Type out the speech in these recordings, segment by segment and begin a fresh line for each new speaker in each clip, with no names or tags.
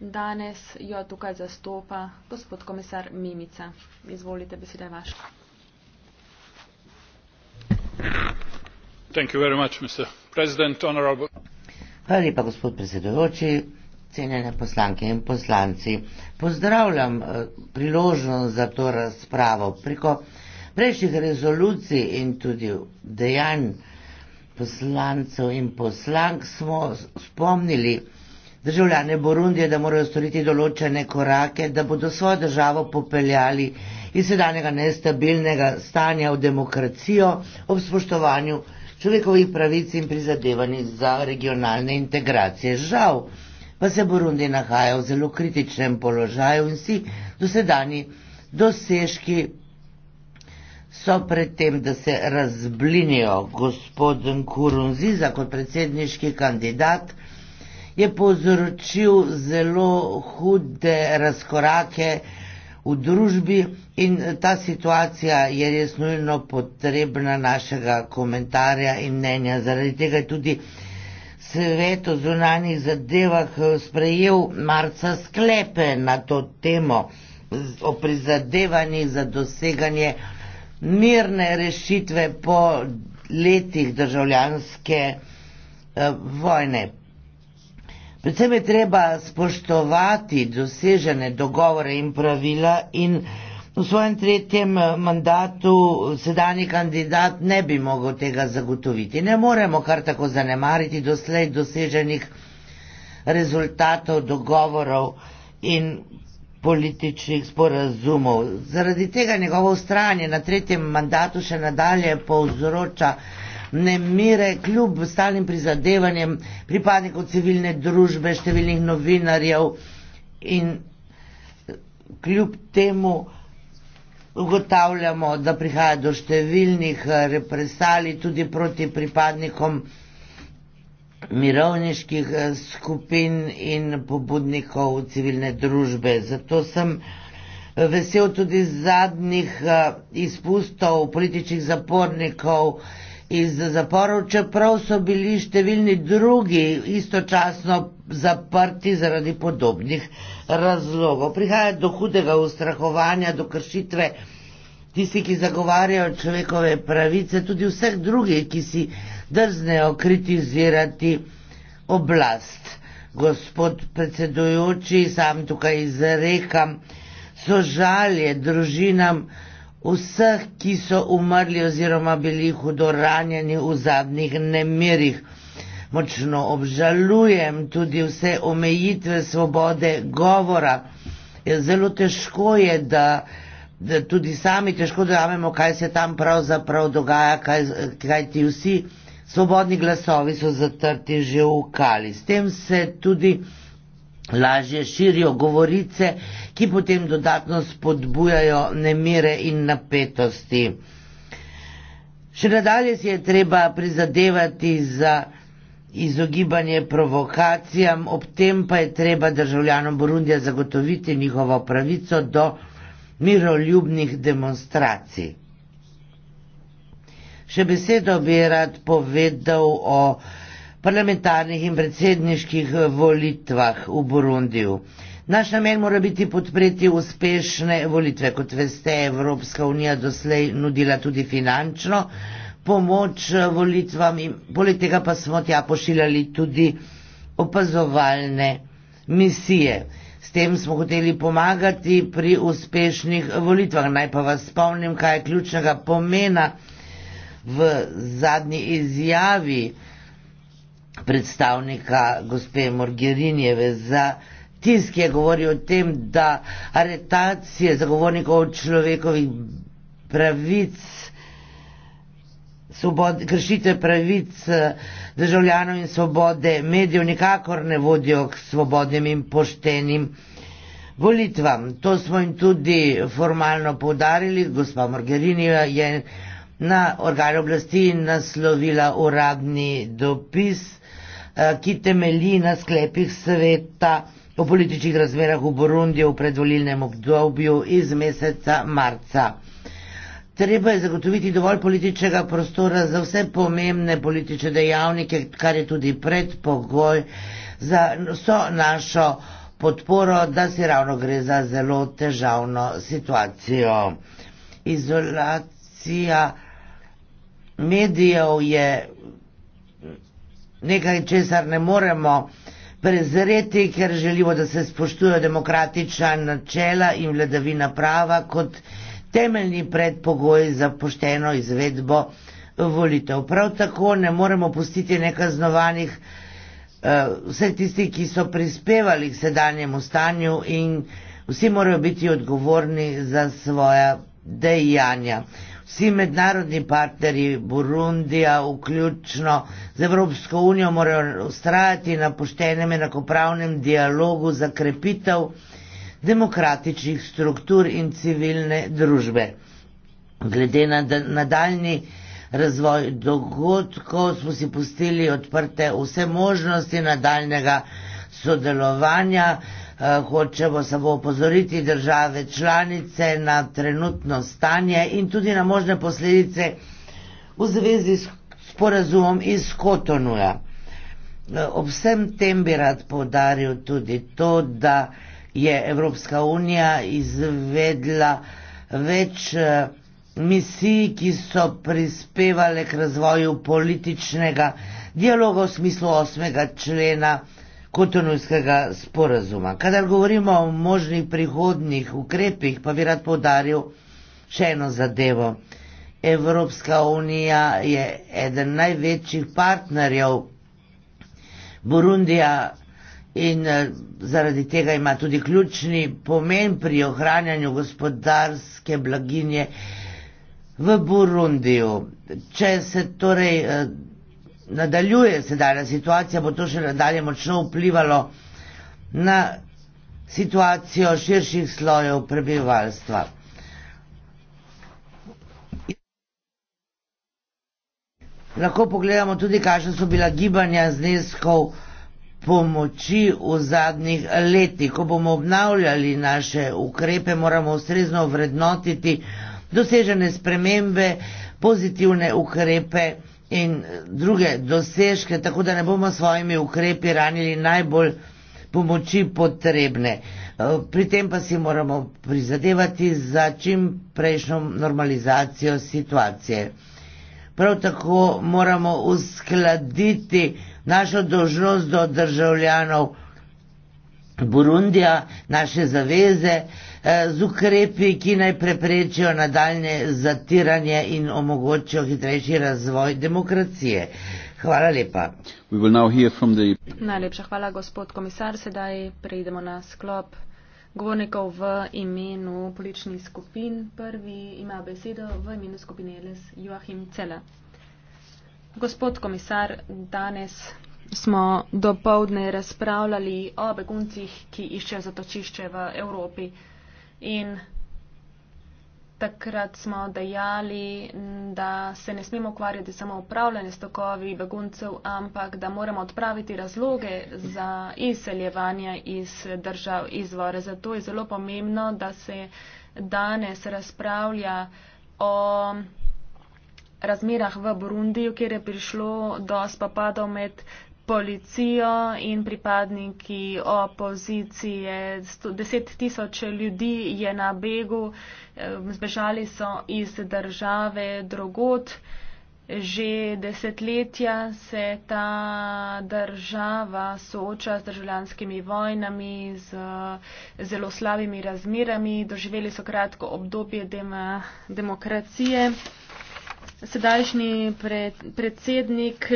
Danes jo tukaj zastopa gospod komisar Mimica. Izvolite, beseda je vaša.
Hvala lepa, gospod predsedujoči, cenjene poslanke in poslanci. Pozdravljam eh, priložnost za to razpravo. Preko prejšnjih rezolucij in tudi dejanj poslancev in poslank smo spomnili, državljane Burundije, da morajo storiti določene korake, da bodo svojo državo popeljali iz sedanjega nestabilnega stanja v demokracijo ob spoštovanju človekovih pravic in prizadevanji za regionalne integracije. Žal pa se Burundi nahaja v zelo kritičnem položaju in vsi dosedani dosežki so pred tem, da se razblinijo gospod Kurunziza kot predsedniški kandidat je povzročil zelo hude razkorake v družbi in ta situacija je res nujno potrebna našega komentarja in mnenja. Zaradi tega je tudi svet o zunanjih zadevah eh, sprejel marca sklepe na to temo o prizadevanjih za doseganje mirne rešitve po letih državljanske eh, vojne. Predvsem je treba spoštovati dosežene dogovore in pravila in v svojem tretjem eh, mandatu sedani kandidat ne bi mogel tega zagotoviti. Ne moremo kar tako zanemariti doslej doseženih rezultatov, dogovorov in političnih sporazumov. Zaradi tega njegovo ustranje na tretjem mandatu še nadalje povzroča nemire, kljub stalnim prizadevanjem pripadnikov civilne družbe, številnih novinarjev in kljub temu ugotavljamo, da prihaja do številnih eh, represali tudi proti pripadnikom mirovniških eh, skupin in pobudnikov civilne družbe. Zato sem eh, vesel tudi zadnjih izpustov političnih zapornikov, iz zaporov, čeprav so bili številni drugi istočasno zaprti zaradi podobnih razlogov. Prihaja do hudega ustrahovanja, do kršitve tistih, ki zagovarjajo človekove pravice, tudi vseh drugih, ki si drznejo kritizirati oblast. Gospod predsedujoči, sam tukaj izrekam sožalje družinam, vseh, ki so umrli oziroma bili hudo ranjeni v zadnjih nemirih. Močno obžalujem tudi vse omejitve svobode govora. Zelo težko je, da, da tudi sami težko dojamemo, kaj se tam pravzaprav dogaja, kaj, kaj ti vsi svobodni glasovi so zatrti že v kali. S tem se tudi lažje širijo govorice, ki potem dodatno spodbujajo nemire in napetosti. Še nadalje si je treba prizadevati za izogibanje provokacijam, ob tem pa je treba državljanom Burundija zagotoviti njihovo pravico do miroljubnih demonstracij. Še besedo bi rad povedal o parlamentarnih in predsedniških eh, volitvah v Burundiju. Naš namen mora biti podpreti uspešne volitve. Kot veste, je Evropska unija doslej nudila tudi finančno pomoč eh, volitvam in poleg tega pa smo tja pošiljali tudi opazovalne misije. S tem smo hoteli pomagati pri uspešnih volitvah. Naj pa vas spomnim, kaj je ključnega pomena v zadnji izjavi predstavnika gospe Morgerinjeve za tisk je govoril o tem, da aretacije zagovornikov človekovih pravic Svobode, kršitve pravic eh, državljanov in svobode medijev nikakor ne vodijo k svobodnim in poštenim volitvam. To smo jim tudi formalno povdarili. Gospa Morgerini je na organe oblasti naslovila uradni dopis. Eh, ki temelji na sklepih sveta o političnih razmerah v Burundiju v predvolilnem obdobju iz meseca marca. Treba je zagotoviti dovolj političnega prostora za vse pomembne politične dejavnike, kar je tudi predpogoj za vso našo podporo, da si ravno gre za zelo težavno situacijo. Izolacija medijev je nekaj, česar ne moremo prezreti, ker želimo, da se spoštujo demokratična načela in vladavina prava kot temeljni predpogoj za pošteno izvedbo volitev. Prav tako ne moremo pustiti nekaznovanih eh, vse tisti, ki so prispevali k sedanjemu stanju in vsi morajo biti odgovorni za svoja dejanja. Vsi mednarodni partnerji Burundija, vključno z Evropsko unijo, morajo ustrajati na poštenem enakopravnem dialogu za krepitev demokratičnih struktur in civilne družbe. Glede na nadaljni razvoj dogodkov smo si pustili odprte vse možnosti nadaljnega sodelovanja. Eh, hočemo samo opozoriti države članice na trenutno stanje in tudi na možne posledice v zvezi s sporazumom iz Kotonuja. Eh, ob vsem tem bi rad povdaril tudi to, da je Evropska unija izvedla več eh, misij, ki so prispevale k razvoju političnega dialoga v smislu 8. člena kotonovskega sporazuma. Kadar govorimo o možnih prihodnih ukrepih, pa bi rad podaril še eno zadevo. Evropska unija je eden največjih partnerjev Burundija in eh, zaradi tega ima tudi ključni pomen pri ohranjanju gospodarske blaginje v Burundiju. Če se torej eh, nadaljuje sedaj na situacija, bo to še nadalje močno vplivalo na situacijo širših slojev prebivalstva. Lahko pogledamo tudi, kakšna so bila gibanja zneskov pomoči v zadnjih letih. Ko bomo obnavljali naše ukrepe, moramo ustrezno vrednotiti dosežene spremembe, pozitivne ukrepe in druge dosežke, tako da ne bomo s svojimi ukrepi ranili najbolj pomoči potrebne. Eh, pri tem pa si moramo prizadevati za čim prejšnjo normalizacijo situacije. Prav tako moramo uskladiti našo dožnost do državljanov, Burundija naše zaveze eh, z ukrepi, ki naj preprečijo nadaljne zatiranje in omogočijo hitrejši razvoj demokracije. Hvala lepa. The...
Najlepša hvala, gospod komisar. Sedaj prejdemo na sklop govornikov v imenu političnih skupin. Prvi ima besedo v imenu skupine LS Joachim Cela. Gospod komisar, danes smo do povdne razpravljali o beguncih, ki iščejo zatočišče v Evropi. In takrat smo dejali, da se ne smemo ukvarjati samo upravljanje stokovi beguncev, ampak da moramo odpraviti razloge za izseljevanje iz držav izvore. Zato je zelo pomembno, da se danes razpravlja o razmerah v Burundiju, kjer je prišlo do spopadov med policijo in pripadniki opozicije. Deset tisoč ljudi je na begu, zbežali so iz države drugot. Že desetletja se ta država sooča z državljanskimi vojnami, z zelo slabimi razmirami. Doživeli so kratko obdobje dem demokracije. Sedajšnji pred, predsednik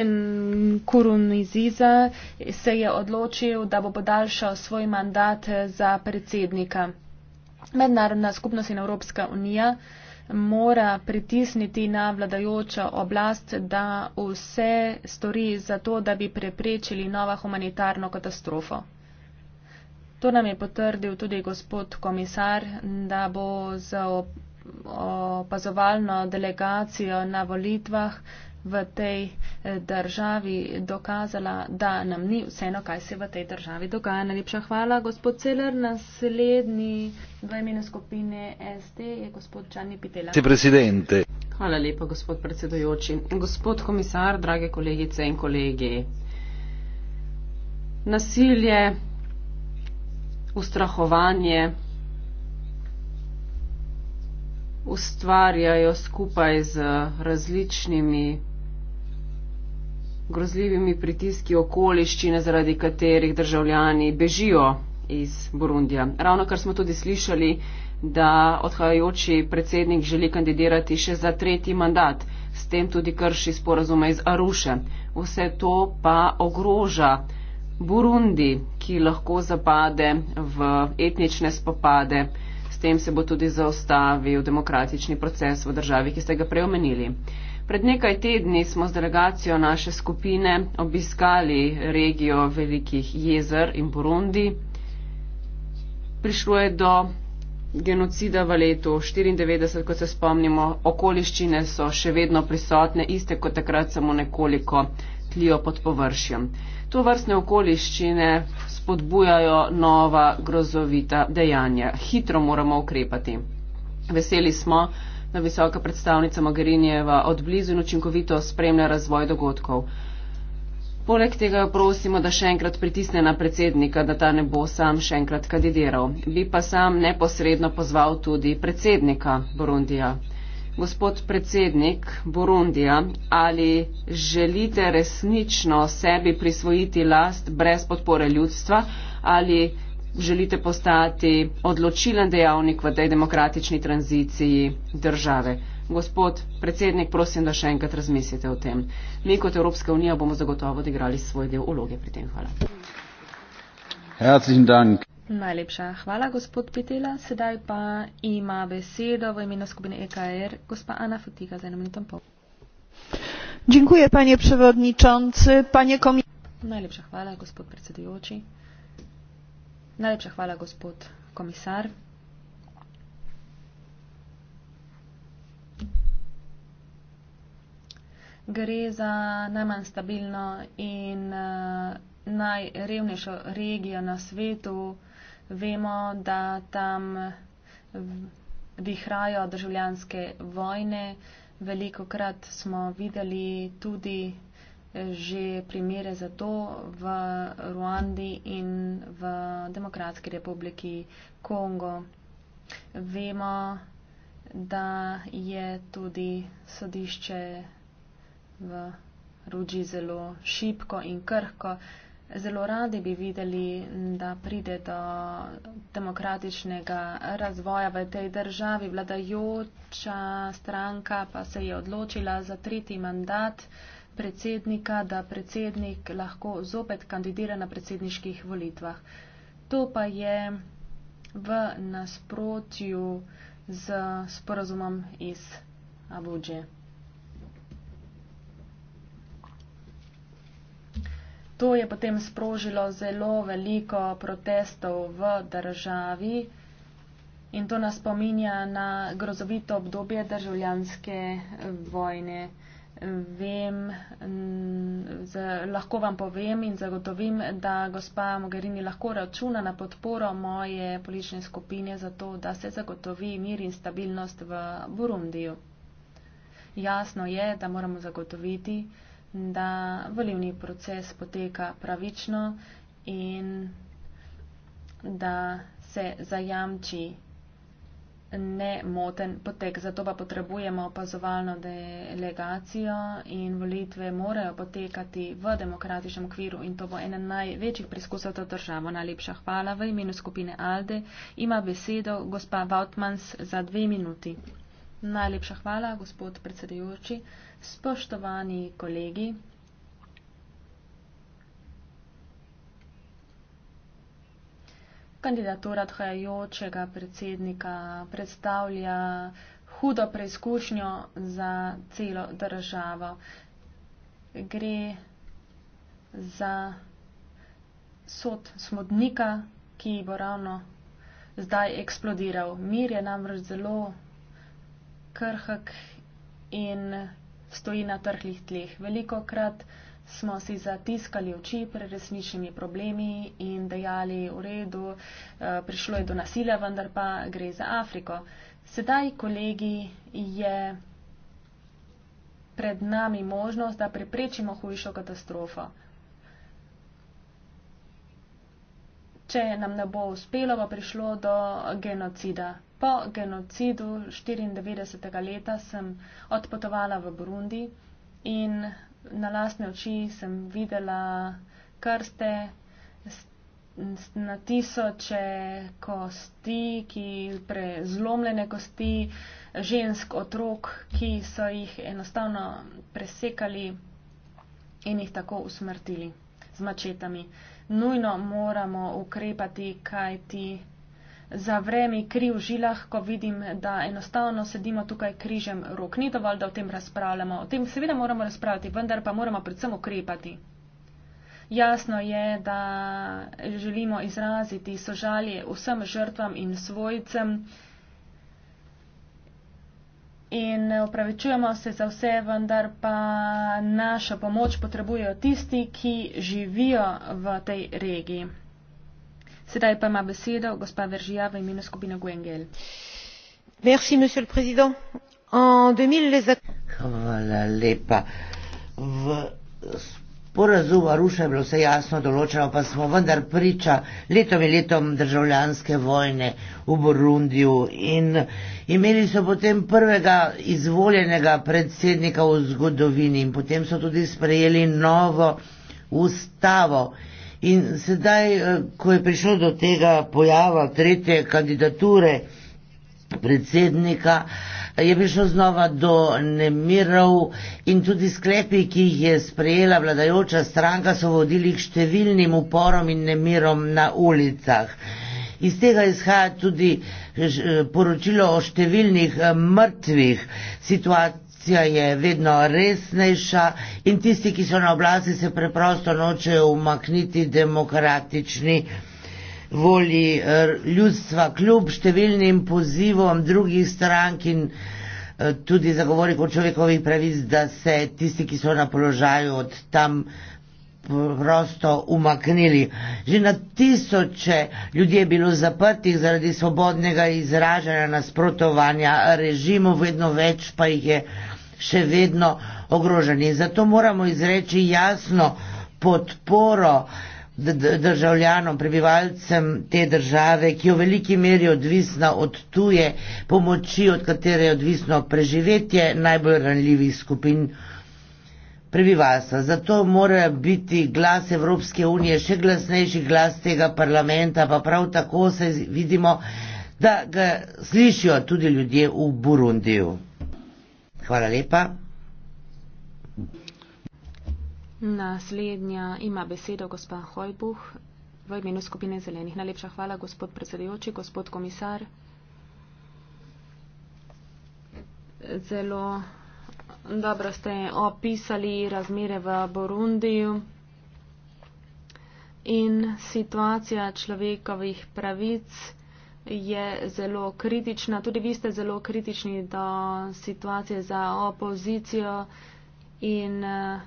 Kurun Iziza se je odločil, da bo podaljšal svoj mandat za predsednika. Mednarodna skupnost in Evropska unija mora pritisniti na vladajočo oblast, da vse stori za to, da bi preprečili novo humanitarno katastrofo. To nam je potrdil tudi gospod komisar, da bo za opazovalno delegacijo na volitvah v tej eh, državi dokazala, da nam ni vseeno, kaj se v tej državi dogaja. Najlepša hvala, gospod Celer. Naslednji v imenu skupine SD je gospod Čani Pitela.
Hvala lepa, gospod predsedojoči. Gospod komisar, drage kolegice in kolegi. Nasilje, ustrahovanje, ustvarjajo skupaj z različnimi grozljivimi pritiski okoliščine, zaradi katerih državljani bežijo iz Burundija. Ravno kar smo tudi slišali, da odhajajoči predsednik želi kandidirati še za tretji mandat, s tem tudi krši sporazume iz Aruše. Vse to pa ogroža Burundi, ki lahko zapade v etnične spopade tem se bo tudi zaostavil demokratični proces v državi, ki ste ga preomenili. Pred nekaj tedni smo z delegacijo naše skupine obiskali regijo Velikih jezer in Burundi. Prišlo je do genocida v letu 1994, ko se spomnimo, okoliščine so še vedno prisotne, iste kot takrat samo nekoliko tlijo pod površjem. To vrstne okoliščine spodbujajo nova grozovita dejanja. Hitro moramo ukrepati. Veseli smo, da visoka predstavnica Mogherinjeva odblizu in učinkovito spremlja razvoj dogodkov. Poleg tega jo prosimo, da še enkrat pritisne na predsednika, da ta ne bo sam še enkrat kandidiral. Bi pa sam neposredno pozval tudi predsednika Burundija. Gospod predsednik Burundija, ali želite resnično sebi prisvojiti last brez podpore ljudstva ali želite postati odločilen dejavnik v tej demokratični tranziciji države? Gospod predsednik, prosim, da še enkrat razmislite o tem. Mi kot Evropska unija bomo zagotovo odigrali svoj del uloge pri tem. Hvala.
Herzlichen Dank. Najlepša hvala, gospod Petela. Sedaj pa ima besedo v imenu skupine EKR gospa Ana Fotiga za eno minuto in pol. Dziękuję, panie przewodniczący, panie komisarzu. Najlepsza chwała, gospod przewodniczący. Najlepsza chwała, gospod komisar. Gre za najmanj stabilno in uh, najrevnejša regija na svetu. Vemo, da tam vihrajo državljanske vojne. Veliko krat smo videli tudi eh, že primere za to v Ruandi in v Demokratski republiki Kongo. Vemo, da je tudi sodišče v Ruži zelo šipko in krhko. Zelo radi bi videli, da pride do demokratičnega razvoja v tej državi. Vladajoča stranka pa se je odločila za tretji mandat predsednika, da predsednik lahko zopet kandidira na predsedniških volitvah. To pa je v nasprotju z sporozumom iz Abuđe. To je potem sprožilo zelo veliko protestov v državi in to nas pominja na grozovito obdobje državljanske vojne. Vem, z, lahko vam povem in zagotovim, da gospa Mogherini lahko računa na podporo moje politične skupine za to, da se zagotovi mir in stabilnost v Burundiju. Jasno je, da moramo zagotoviti, da volivni proces poteka pravično in da se zajamči nemoten potek. Zato pa potrebujemo opazovalno delegacijo in volitve morajo potekati v demokratičnem okviru in to bo ena največjih preizkusov to državo. Najlepša hvala v imenu skupine Alde. Ima besedo gospa Vautmans za dve minuti. Najlepša hvala, gospod predsedujoči. Spoštovani kolegi, kandidatura odhajajočega predsednika predstavlja hudo preizkušnjo za celo državo. Gre za sod smodnika, ki bo ravno zdaj eksplodiral. Mir je namreč zelo krhk in stoji na trhlih tleh. Veliko krat smo si zatiskali oči pred resničnimi problemi in dejali v redu, eh, prišlo je do nasilja, vendar pa gre za Afriko. Sedaj, kolegi, je pred nami možnost, da preprečimo hujšo katastrofo. Če nam ne bo uspelo, bo prišlo do genocida. Po genocidu 94. leta sem odpotovala v Burundi in na lastne oči sem videla krste na tisoče kosti, ki prezlomljene kosti žensk, otrok, ki so jih enostavno presekali in jih tako usmrtili z mačetami. Nujno moramo ukrepati, kaj ti zavre mi kri v žilah, ko vidim, da enostavno sedimo tukaj križem rok. Ni dovolj, da o tem razpravljamo. O tem seveda moramo razpravljati, vendar pa moramo predvsem ukrepati. Jasno je, da želimo izraziti sožalje vsem žrtvam in svojcem in upravičujemo se za vse, vendar pa naša pomoč potrebujejo tisti, ki živijo v tej regiji. Sedaj pa ima besedo gospa Veržija v imenu skupine Gwengel.
Merci, monsieur le président. En 2000, les Hvala lepa. V sporazumu Aruša je bilo vse jasno določeno, pa smo vendar priča letom in letom državljanske vojne v Burundiju in imeli so potem prvega izvoljenega predsednika v zgodovini in potem so tudi sprejeli novo ustavo. Uh, In sedaj, eh, ko je prišlo do tega pojava tretje kandidature predsednika, je prišlo znova do nemirov in tudi sklepi, ki jih je sprejela vladajoča stranka, so vodili k številnim uporom in nemirom na ulicah. Iz tega izhaja tudi eh, poročilo o številnih eh, mrtvih, situacija korupcija je vedno resnejša in tisti, ki so na oblasti, se preprosto nočejo umakniti demokratični volji eh, ljudstva, kljub številnim pozivom drugih strank in eh, tudi zagovorikov človekovih pravic, da se tisti, ki so na položaju od tam prosto umaknili. Že na tisoče ljudi je bilo zaprtih zaradi svobodnega izražanja nasprotovanja režimu, vedno več pa jih je še vedno ogroženi. Zato moramo izreči jasno podporo državljanom, prebivalcem te države, ki je v veliki meri odvisna od tuje pomoči, od katere je odvisno preživetje najbolj ranljivih skupin prebivalstva. Zato mora biti glas Evropske unije še glasnejši glas tega parlamenta, pa prav tako se vidimo, da ga slišijo tudi ljudje v Burundiju. Hvala lepa.
Naslednja ima besedo gospa Hojbuh v imenu skupine zelenih. Najlepša hvala, gospod predsedujoči, gospod komisar. Zelo dobro ste opisali razmere v Burundiju in situacija človekovih pravic je zelo kritična, tudi vi ste zelo kritični do situacije za opozicijo in eh,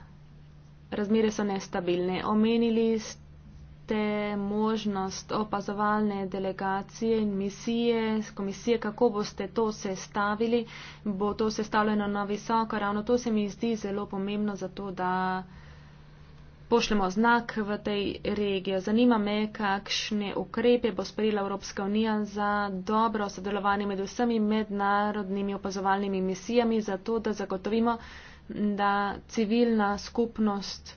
razmere so nestabilne. Omenili ste možnost opazovalne delegacije in misije, komisije, kako boste to sestavili, bo to sestavljeno na visoko ravno, to se mi zdi zelo pomembno za to, da pošljemo znak v tej regiji. Zanima me, kakšne ukrepe bo sprejela Evropska unija za dobro sodelovanje med vsemi mednarodnimi opazovalnimi misijami, zato da zagotovimo, da civilna skupnost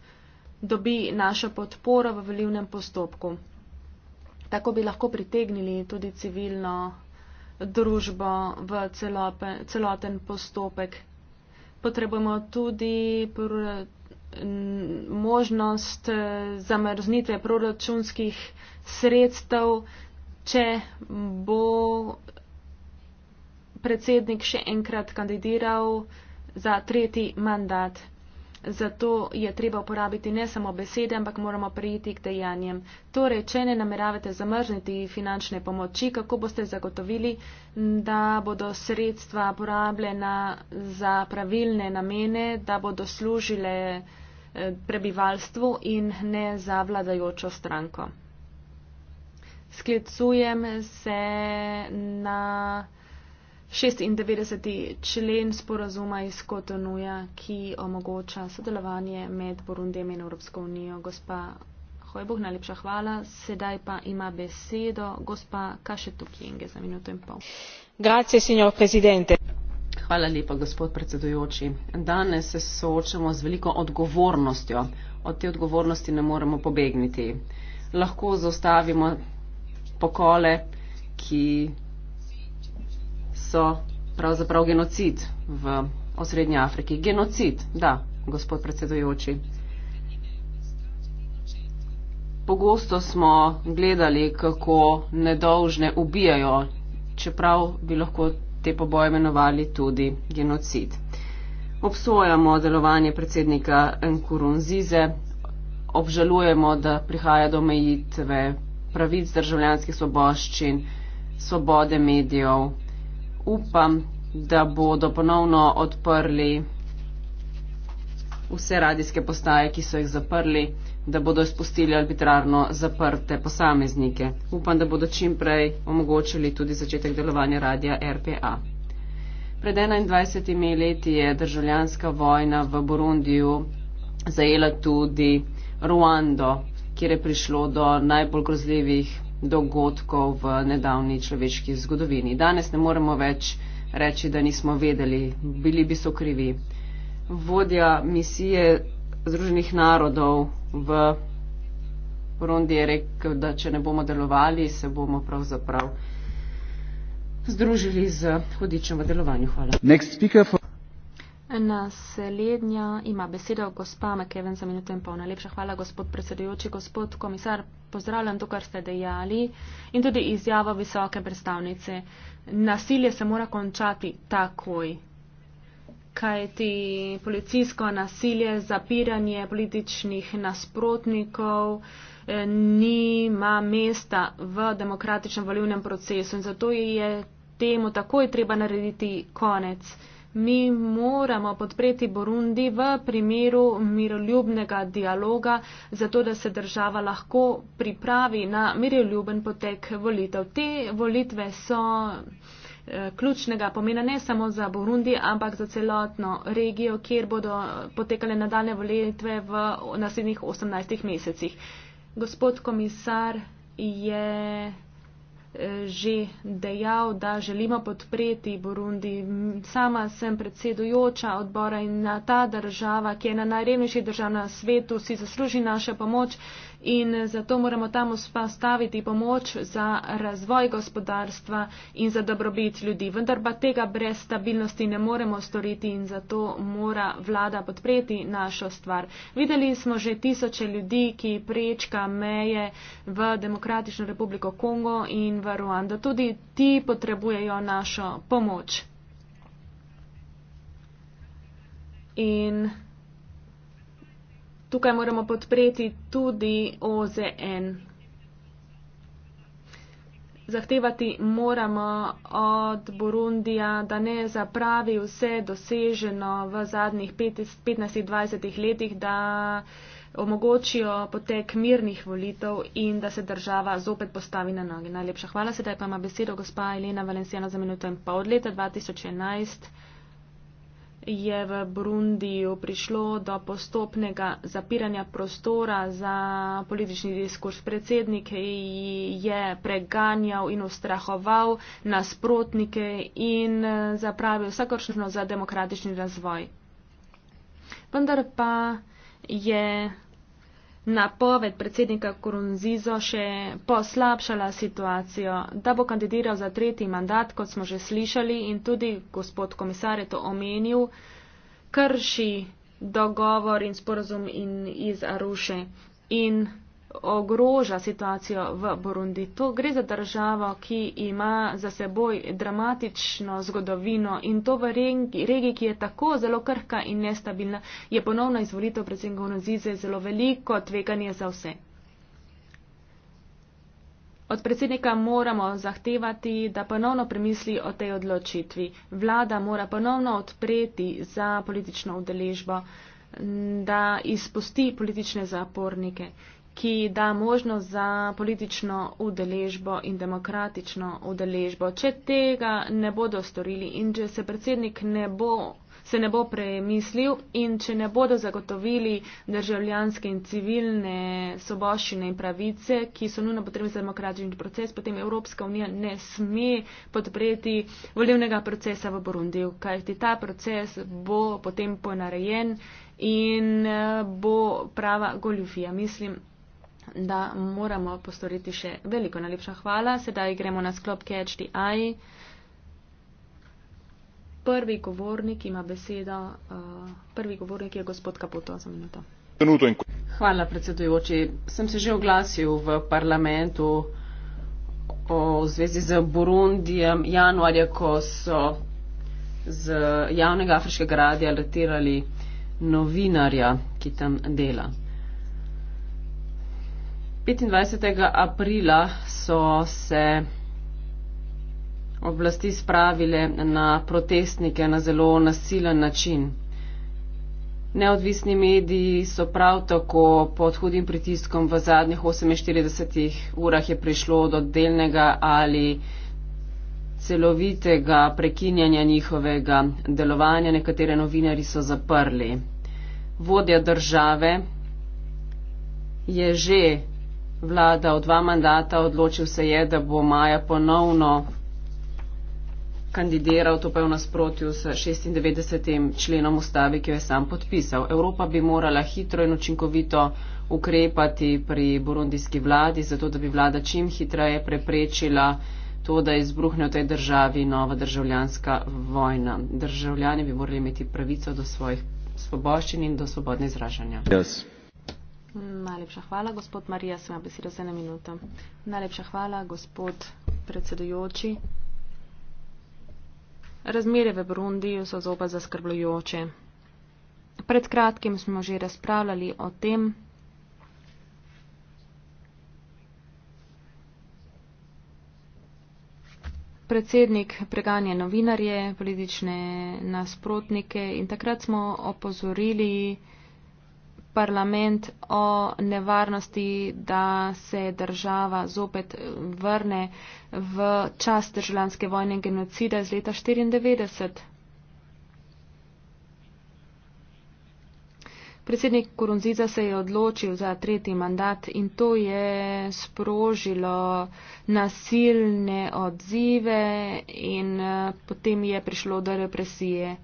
dobi našo podporo v volivnem postopku. Tako bi lahko pritegnili tudi civilno družbo v celoten postopek. Potrebujemo tudi možnost eh, zamrznitve proračunskih sredstev, če bo predsednik še enkrat kandidiral za tretji mandat. Zato je treba uporabiti ne samo besede, ampak moramo prijeti k dejanjem. Torej, če ne nameravate zamrzniti finančne pomoči, kako boste zagotovili, da bodo sredstva porabljena za pravilne namene, da bodo služile Eh, prebivalstvu in ne za vladajočo stranko. Sklicujem se na 96. člen sporazuma iz Kotonuja, ki omogoča sodelovanje med Burundijem in Evropsko unijo. Gospa Hojbog, najlepša hvala. Sedaj pa ima besedo gospa Kašetukjenge za minuto in pol.
Grazie, signor presidente. Hvala lepa, gospod predsedujoči. Danes se soočamo z veliko odgovornostjo. Od te odgovornosti ne moremo pobegniti. Lahko zaustavimo pokole, ki so pravzaprav genocid v osrednji Afriki. Genocid, da, gospod predsedujoči. Pogosto smo gledali, kako nedolžne ubijajo, čeprav bi lahko te poboje imenovali tudi genocid. Obsojamo delovanje predsednika Nkurunzize, obžalujemo, da prihaja do omejitve pravic državljanskih svoboščin, svobode medijev. Upam, da bodo ponovno odprli vse radijske postaje, ki so jih zaprli, da bodo izpustili arbitrarno zaprte posameznike. Upam, da bodo čim prej omogočili tudi začetek delovanja radija RPA. Pred 21 leti je državljanska vojna v Burundiju zajela tudi Ruando, kjer je prišlo do najbolj grozljivih dogodkov v nedavni človeški zgodovini. Danes ne moremo več reči, da nismo vedeli, bili bi so krivi vodja misije Združenih narodov v Rondi je rekel, da če ne bomo delovali, se bomo pravzaprav združili z hudičem v delovanju. Hvala.
Naslednja ima besedo gospa Mekeven za minuto in pol. Najlepša hvala, gospod predsedujoči, gospod komisar. Pozdravljam to, kar ste dejali in tudi izjavo visoke predstavnice. Nasilje se mora končati takoj kajti policijsko nasilje, zapiranje političnih nasprotnikov eh, nima mesta v demokratičnem volivnem procesu in zato je temu takoj treba narediti konec. Mi moramo podpreti Burundi v primeru miroljubnega dialoga, zato da se država lahko pripravi na miroljuben potek volitev. Te volitve so Eh, ključnega pomena ne samo za Burundi, ampak za celotno regijo, kjer bodo potekale nadaljne volitve v naslednjih 18 mesecih. Gospod komisar je eh, že dejal, da želimo podpreti Burundi. Sama sem predsedujoča odbora in na ta država, ki je na najrevnejši državi na svetu, si zasluži našo pomoč in zato moramo tam vzpostaviti pomoč za razvoj gospodarstva in za dobrobit ljudi. Vendar pa tega brez stabilnosti ne moremo storiti in zato mora vlada podpreti našo stvar. Videli smo že tisoče ljudi, ki prečka meje v Demokratično republiko Kongo in v Ruando. Tudi ti potrebujejo našo pomoč. In tukaj moramo podpreti tudi OZN. Zahtevati moramo od Burundija, da ne zapravi vse doseženo v zadnjih 15-20 letih, da omogočijo potek mirnih volitev in da se država zopet postavi na noge. Najlepša hvala, sedaj pa ima besedo gospa Elena Valencijana za minuto in pa od leta 2011 je v Burundiju prišlo do postopnega zapiranja prostora za politični diskurs. Predsednik je preganjal in ustrahoval nasprotnike in zapravil vsakršno za demokratični razvoj. Vendar pa je napoved predsednika Korunzizo še poslabšala situacijo, da bo kandidiral za tretji mandat, kot smo že slišali in tudi gospod komisar je to omenil, krši dogovor in sporozum in iz Aruše in ogroža situacijo v Burundi. To gre za državo, ki ima za seboj dramatično zgodovino in to v regiji, ki je tako zelo krhka in nestabilna, je ponovno izvolitev predsednika Onozize zelo veliko tveganje za vse. Od predsednika moramo zahtevati, da ponovno premisli o tej odločitvi. Vlada mora ponovno odpreti za politično udeležbo, da izpusti politične zapornike ki da možnost za politično udeležbo in demokratično udeležbo. Če tega ne bodo storili in če se predsednik ne bo, se ne bo premislil in če ne bodo zagotovili državljanske in civilne soboščine in pravice, ki so nujno potrebne za demokratični proces, potem Evropska unija ne sme podpreti volivnega procesa v Burundiju, kajti ta proces bo potem ponarejen in eh, bo prava goljufija. Mislim, da moramo postoriti še veliko. Najlepša hvala. Sedaj gremo na sklop CHDI. Prvi govornik ima besedo. Uh, prvi govornik je gospod Kaputo za minuto.
Hvala, predsedujoči. Sem se že oglasil v parlamentu o zvezi z Burundijem januarja, ko so z javnega afriškega radija letirali novinarja, ki tam dela. 25. aprila so se oblasti spravile na protestnike na zelo nasilen način. Neodvisni mediji so prav tako pod hudim pritiskom v zadnjih 48 urah je prišlo do delnega ali celovitega prekinjanja njihovega delovanja. Nekatere novinari so zaprli. Vodja države je že vlada v dva mandata, odločil se je, da bo maja ponovno kandidiral, to pa je v nasprotju s 96. členom ustavi, ki jo je sam podpisal. Evropa bi morala hitro in učinkovito ukrepati pri burundijski vladi, zato da bi vlada čim hitreje preprečila to, da izbruhne v tej državi nova državljanska vojna. Državljani bi morali imeti pravico do svojih svoboščin in do svobodne izražanja. Yes.
Najlepša hvala, gospod Marija, sva besedo za eno minuto. Najlepša hvala, gospod predsedujoči. Razmere v Burundiju so zopa zaskrbljujoče. Pred kratkim smo že razpravljali o tem, Predsednik preganja novinarje, politične nasprotnike in takrat smo opozorili, parlament o nevarnosti, da se država zopet vrne v čas državljanske vojne in genocida iz leta 1994. Predsednik Kurunziza se je odločil za tretji mandat in to je sprožilo nasilne odzive in eh, potem je prišlo do represije.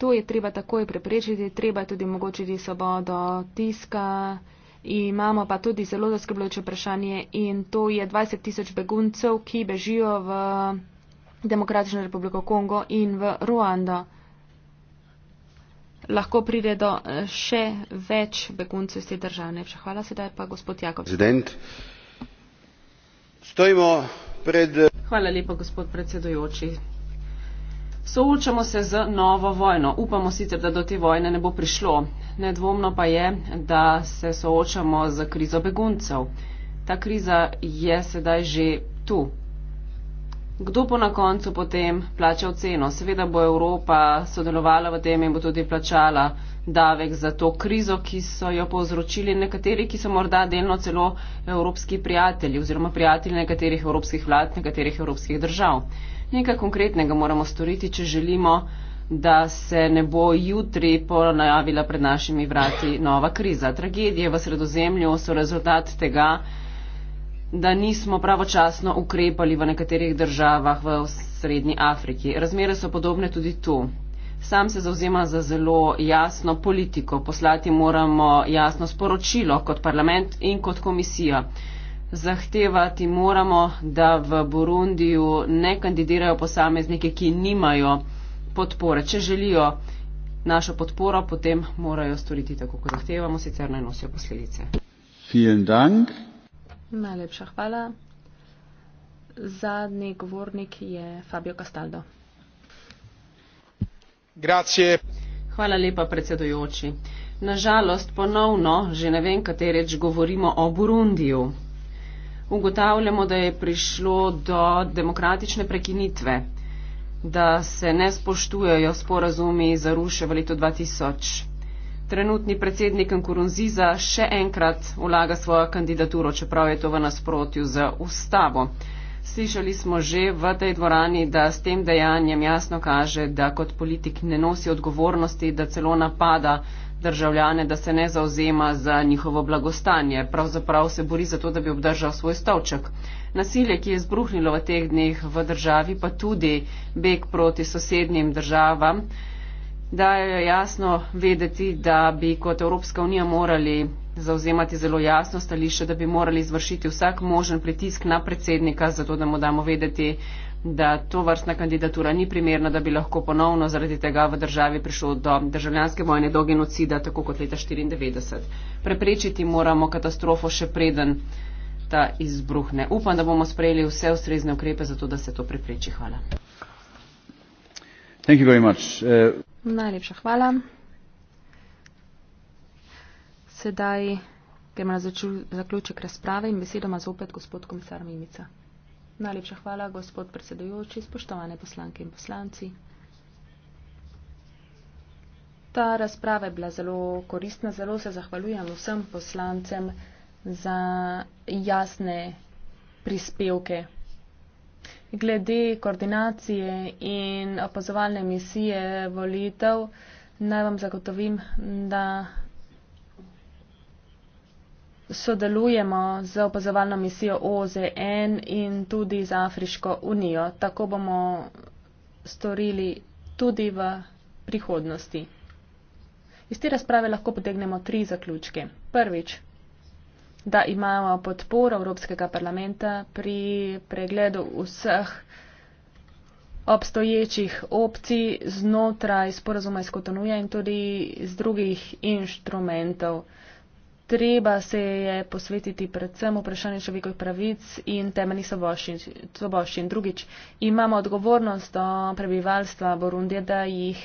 To je treba takoj preprečiti, treba tudi omogočiti svobodo tiska. Imamo pa tudi zelo zaskrbljujoče vprašanje in to je 20 tisoč beguncev, ki bežijo v Demokratično republiko Kongo in v Ruando. Lahko pride do še več beguncev iz te države. Hvala sedaj pa gospod Jakob.
Hvala lepa gospod predsedujoči. Soočamo se z novo vojno. Upamo sicer, da do te vojne ne bo prišlo. Nedvomno pa je, da se soočamo z krizo beguncev. Ta kriza je sedaj že tu. Kdo bo na koncu potem plačal ceno? Seveda bo Evropa sodelovala v tem in bo tudi plačala davek za to krizo, ki so jo povzročili nekateri, ki so morda delno celo evropski prijatelji oziroma prijatelji nekaterih evropskih vlad, nekaterih evropskih držav. Nekaj konkretnega moramo storiti, če želimo, da se ne bo jutri ponajavila pred našimi vrati nova kriza. Tragedije v sredozemlju so rezultat tega, da nismo pravočasno ukrepali v nekaterih državah v srednji Afriki. Razmere so podobne tudi tu. Sam se zauzema za zelo jasno politiko. Poslati moramo jasno sporočilo kot parlament in kot komisija. Zahtevati moramo, da v Burundiju ne kandidirajo posameznike, ki nimajo podpore. Če želijo našo podporo, potem morajo storiti tako, kot zahtevamo, sicer naj nosijo posledice.
Najlepša hvala. Zadnji govornik je Fabio Castaldo.
Hvala lepa, predsedujoči. Nažalost, ponovno, že ne vem, katereč govorimo o Burundiju. Ugotavljamo, da je prišlo do demokratične prekinitve, da se ne spoštujejo sporazumi za ruše v letu 2000. Trenutni predsednik Nkurunziza še enkrat vlaga svojo kandidaturo, čeprav je to v nasprotju z ustavo. Slišali smo že v tej dvorani, da s tem dejanjem jasno kaže, da kot politik ne nosi odgovornosti, da celo napada državljane, da se ne zauzema za njihovo blagostanje. Pravzaprav se bori za to, da bi obdržal svoj stavček. Nasilje, ki je zbruhnilo v teh dneh v državi, pa tudi beg proti sosednjim državam, dajo jasno vedeti, da bi kot Evropska unija morali zauzemati zelo jasno stališče, da bi morali izvršiti vsak možen pritisk na predsednika, zato da mu damo vedeti, da to vrstna kandidatura ni primerna, da bi lahko ponovno zaradi tega v državi prišlo do državljanske vojne, do genocida, tako kot leta 1994. Preprečiti moramo katastrofo še preden ta izbruhne. Upam, da bomo sprejeli vse ustrezne ukrepe za to, da se to prepreči. Hvala. Eh,
Najlepša hvala sedaj gremo na začu, zaključek razprave in besedoma zopet gospod komisar Mimica. Najlepša hvala, gospod predsedujoči, spoštovane poslanke in poslanci. Ta razprava je bila zelo koristna, zelo se zahvaljujem vsem poslancem za jasne prispevke. Glede koordinacije in opazovalne misije volitev, naj vam zagotovim, da sodelujemo z opazovalno misijo OZN in tudi z Afriško unijo. Tako bomo storili tudi v prihodnosti. Iz te razprave lahko potegnemo tri zaključke. Prvič, da imamo podporo Evropskega parlamenta pri pregledu vseh obstoječih opcij znotraj sporazuma iz Kotonuja in tudi iz drugih inštrumentov treba se je posvetiti predvsem vprašanju človekovih pravic in temeljnih svoboščin. Drugič, imamo odgovornost do prebivalstva Borundije, da jih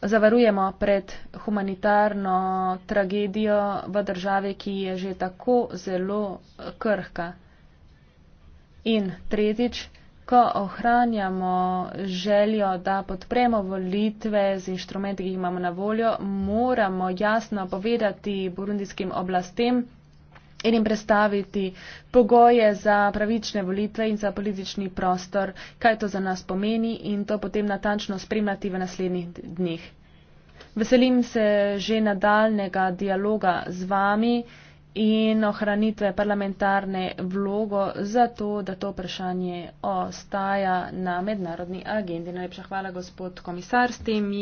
zavarujemo pred humanitarno tragedijo v državi, ki je že tako zelo krhka. In tretjič, ko ohranjamo željo, da podpremo volitve z inštrumenti, ki jih imamo na voljo, moramo jasno povedati burundijskim oblastem in jim predstaviti pogoje za pravične volitve in za politični prostor, kaj to za nas pomeni in to potem natančno spremljati v naslednjih dneh. Veselim se že nadaljnega dialoga z vami in ohranitve parlamentarne vlogo za to, da to vprašanje ostaja na mednarodni agendi. Najlepša hvala, gospod komisar, s tem.